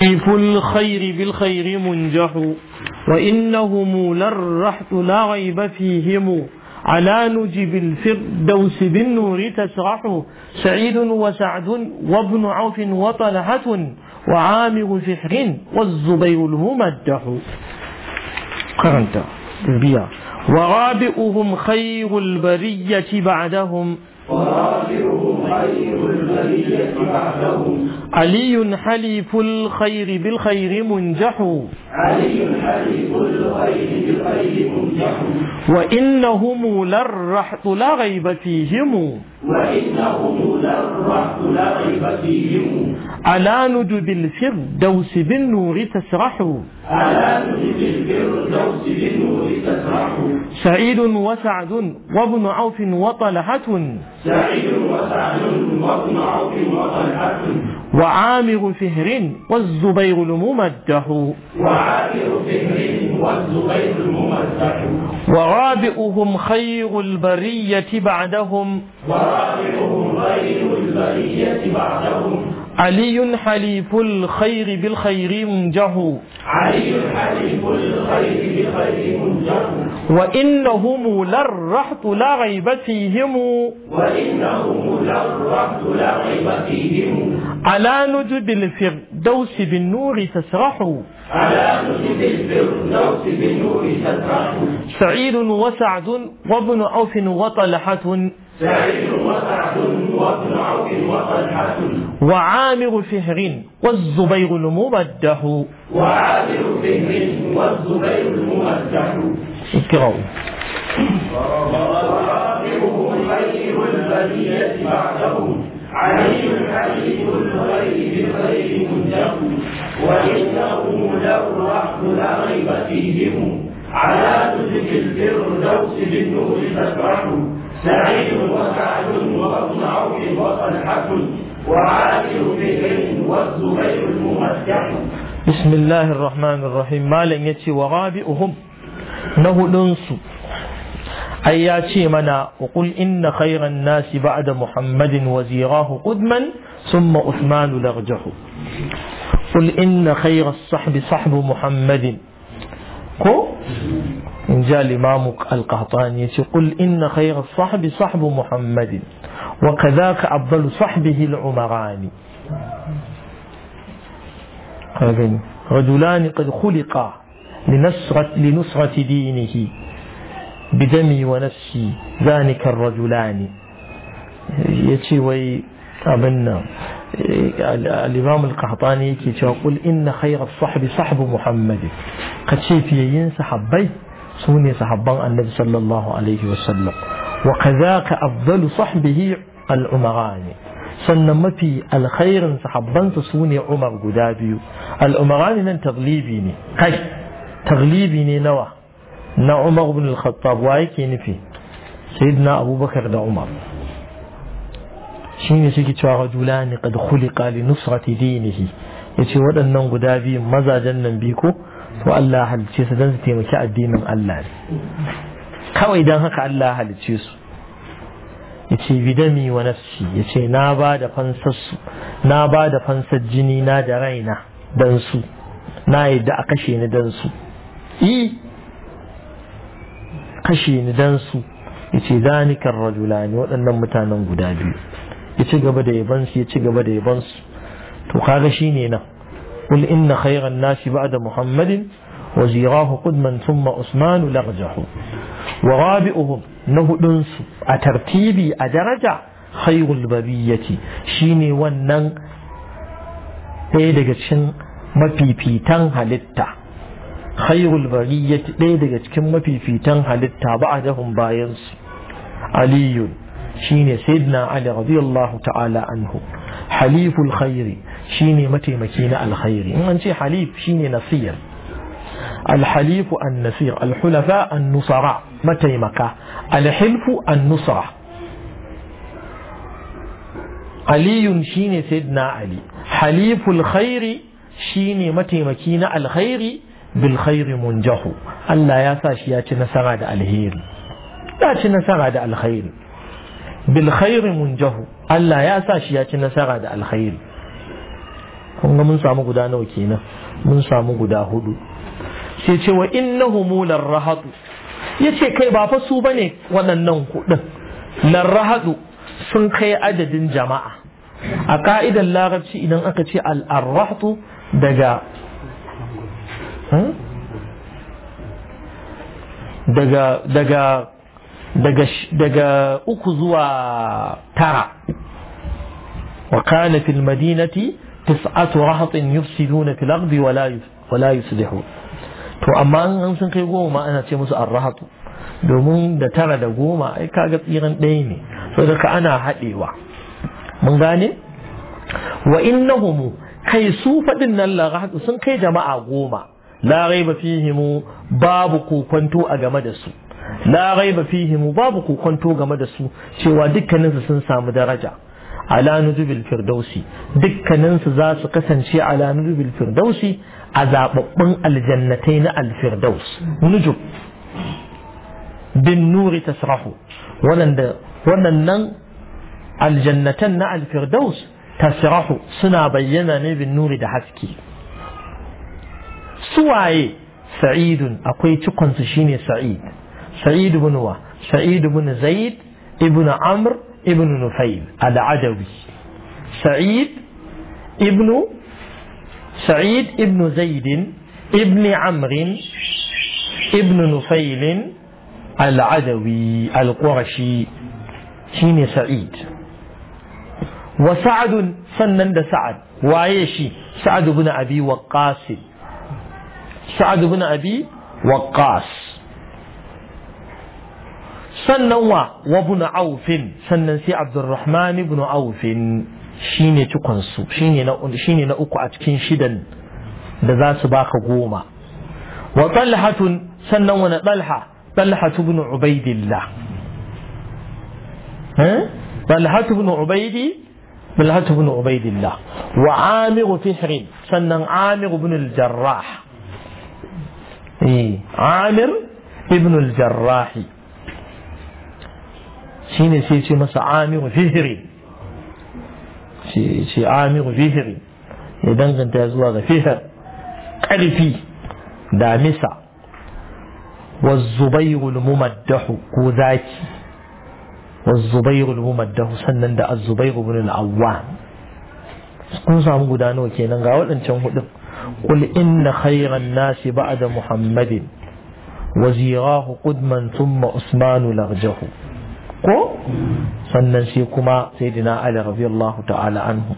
كيف الخير بالخير منجح وإنهم للرحت لا غيب فيهم على نجب الفردوس بالنور تسرح سعيد وسعد وابن عوف وطلحة وعامر فحر والزبير الممدح قرنت البيع ورابئهم خير البرية بعدهم علي حليف الخير بالخير منجح علي وإنهم للرحط لا غيب فيهم وإنهم للرحط لا غيب فيهم على ندب الفردوس بالنور تسرح على ندب الفردوس بالنور تسرح سعيد وسعد وابن عوف وطلحة سعيد وسعد وابن عوف وطلحة وعامر فهر والزبير الممدح وعامر فهر والزبير الممدح ورابئهم خير البرية بعدهم ورابئهم خير البرية بعدهم علي حليف الخير بالخير منجه علي حليف الخير بالخير منجه وإنهم للرحت لا غيب فيهم وإنهم للرحت لا غيب فيهم على نجد الفردوس بالنور تسرح على نجد الفردوس بالنور تسرح سعيد وسعد وابن أوف وطلحة سعيد وسعد وابن عوف وطلحة وعامر فهر والزبير الممدح وعامر فهر والزبير الممدح اقرأوا ورابعهم خير البرية بعده علي الحبيب الغيب بالغير منجح وإنه له رحم لا ريب فيهم على تدرك الفردوس بالنور تسبح سعيد وسعد وابن عوف وطلحة بسم الله الرحمن الرحيم ما لن يتي ورابئهم نهو ننسو أياتي منا وقل إن خير الناس بعد محمد وزيراه قدما ثم أثمان لغجه قل إن خير الصحب صحب محمد قو إن جاء الإمام القهطاني قل إن خير الصحب صحب محمد وكذاك أفضل صحبه العمران رجلان قد خلقا لنصرة, لنصرة دينه بدمي ونفسي ذلك الرجلان يتي وي أبنا الإمام القحطاني يقول إن خير الصحب صحب محمد قد شيء في ينسى حبي سوني صحبان النبي صلى الله عليه وسلم وكذاك أفضل صحبه الأمران سنة ما في الخير سحبان تصوني عمر قدابي الأمران من تغليبيني هاي تغليبيني نوا نا عمر بن الخطاب واي كينفي سيدنا أبو بكر دا عمر شيني سيكي توا رجلان قد خلق لنصرة دينه يتي ودا النوم قدابي مزا جنن بيكو والله هل تيسدن تيمكا الدين من الله kawai don haka Allah halicce su yace bidami wa nafsi yace na ba da fansar su na ba da fansar jini na da raina dan su na yadda a kashe ni dan su yi kashe ni dan su yace zanikar rajulani waɗannan mutanen guda biyu ya ci gaba da yaban su ya ci gaba da yaban su to kaga shine nan qul inna khayran nasi ba'da muhammadin wa zirahu qudman thumma usman larjahu wa rabi'uhum na hudun su a tartibi a daraja khairul babiyyati shine wannan ɗaya daga cikin mafifitan halitta khairul bariyati ɗaya daga cikin mafifitan halitta ba a dahun bayansu aliyun shine sayyidina ali radiyallahu ta'ala anhu haliful khairi shine mataimaki na alkhairi in an ce halif shine nasiyar alhalifu annasir alhulafa nusara mataimaka alhilfu annusara aliyun shine sayyidina ali haliful khairi shine mataimaki na alkhairi bil khairi munjahu Allah ya sa shi ya ci nasara da alheri ya ci nasara da alkhairi bil khairi munjahu Allah ya sa shi ya ci nasara da alkhairi kun ga mun samu guda nawa kenan mun samu guda hudu sai ce wa innahu larrahadu yace kai ba fa su bane waɗannan hudun larrahadu sun kai adadin jama'a a ka'idar larabci idan aka ce al'arrahatu hmm? daga daga daga daga daga uku zuwa tara wa kana fil madinati tis'atu rahatin yufsiduna fil ardi wala wala to amma an sun kai goma ma ana ce musu arrahatu domin da tara da goma ai kaga tsiran ɗaya ne saboda ka ana haɗewa mun gane wa innahum kai su faɗin nan larahatu sun kai jama'a goma la raiba fihimu babu kokonto a game da su la raiba fihimu babu kokonto game da su cewa dukkaninsu sun samu daraja على نذب الفردوسي دك ننس زاس قسن شي على نذب الفردوسي عذاب بن الجنتين الفردوس نجب بالنور تسرح ونند ونن الجنتين الفردوس تسرح سنا بينا نبي النور دحسكي سواي سعيد أقوي تقن سعيد سعيد بن سعيد بن زيد ابن عمرو ابن نفيل العدوي سعيد ابن سعيد ابن زيد ابن عمرو ابن نفيل العدوي القرشي شين سعيد وسعد سنن سعد وعيشي سعد بن أبي وقاص سعد بن أبي وقاص sannan wa wa ibn aufin sannan sai abdurrahman ibn aufin shine cikonsu shine na shine na uku a cikin shidan da za su baka goma wa talhatun sannan wani talha talhatu ibn ubaidillah talhatu ibn ubaidi talhatu ibn ubaidillah wa amir fihrin sannan amir ibn al-jarrah eh amir ibn al jarrahi Shi shine sai ce masa amiru fihri ce amiru fihri ya danganta zuwa ga fihir ƙarfi damisa والزبير الممدح كوذاكي والزبير الممدح سنن دا الزبير بن العوام kun samu guda nawa kenan ga waɗancan hudun qul inna khayran nasi ba'da muhammadin wa zirahu qudman thumma usmanu larjahu ko sannan sai kuma sai dina ali radiyallahu ta'ala anhu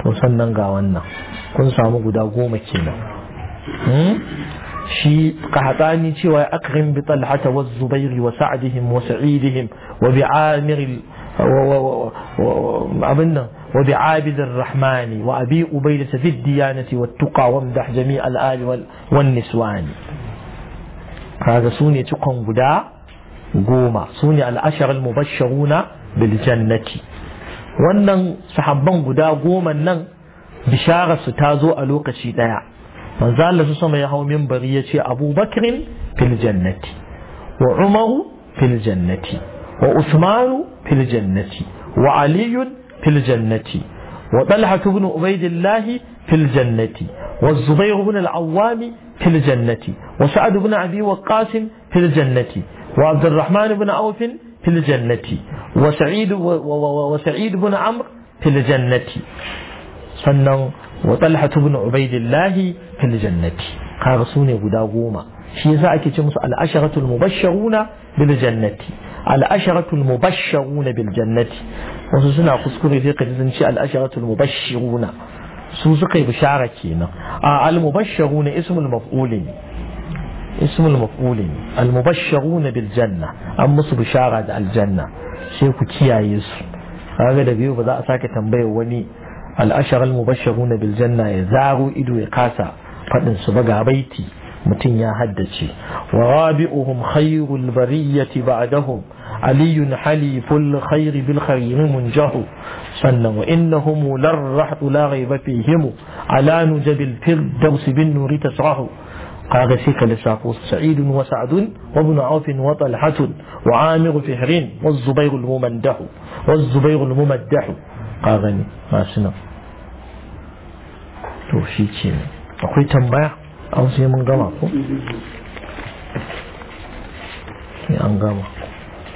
to sannan ga wannan kun samu guda goma kenan hmm? shi qahtani cewa akarin bi talhata wa zubair wa sa'dihim wa sa'idihim wa bi amir abin wa bi rahmani wa abi ubayda fi diyanati wa tuqa wa mdah jami' al wa niswani kaga sune cikon guda goma su ne al'ashar al-mubashsharuna bil jannati wannan sahabban guda goma nan bisharar su ta zo a lokaci daya manzo Allah su sama ya hau minbari ya ce Abu Bakrin fil jannati wa Umaru fil jannati wa Usmanu fil jannati wa Ali fil jannati wa Talha ibn Ubaydillah fil jannati wa Zubair ibn al-Awwam fil jannati wa Sa'ad ibn Abi Waqqas fil jannati وعبد الرحمن بن عوف في الجنة وسعيد وسعيد بن عمرو في الجنة sannan wa talhatu bin ubaidillahi fil jannati kaga su ne guda goma shi yasa ake ce musu al-asharatul mubashsharuna bil jannati al-asharatul mubashsharuna bil jannati wasu suna kuskure sai kaji sun ce al-asharatul mubashshiruna su suka yi bishara kenan a al-mubashsharuna ismul maf'ul ne اسم المفعولين المبشرون بالجنة أم مصب شارع الجنة شيخ كيا يسر هذا الذي يبدأ ساكة تنبيه وني الأشر المبشرون بالجنة يزاروا إدو يقاسا فإن سبق بيتي متين يا هدتي ورابئهم خير البرية بعدهم علي حليف الخير بالخير منجه سلم إنهم لا لا غيب فيهم على نجب الفردوس بالنور تسعه قال سيك شافوس سعيد وسعد وابن عوف وطلحة وعامر فهر والزبير الممدح والزبير الممدح قاغني ما سنف to shi ce اخوي akwai tambaya an sai mun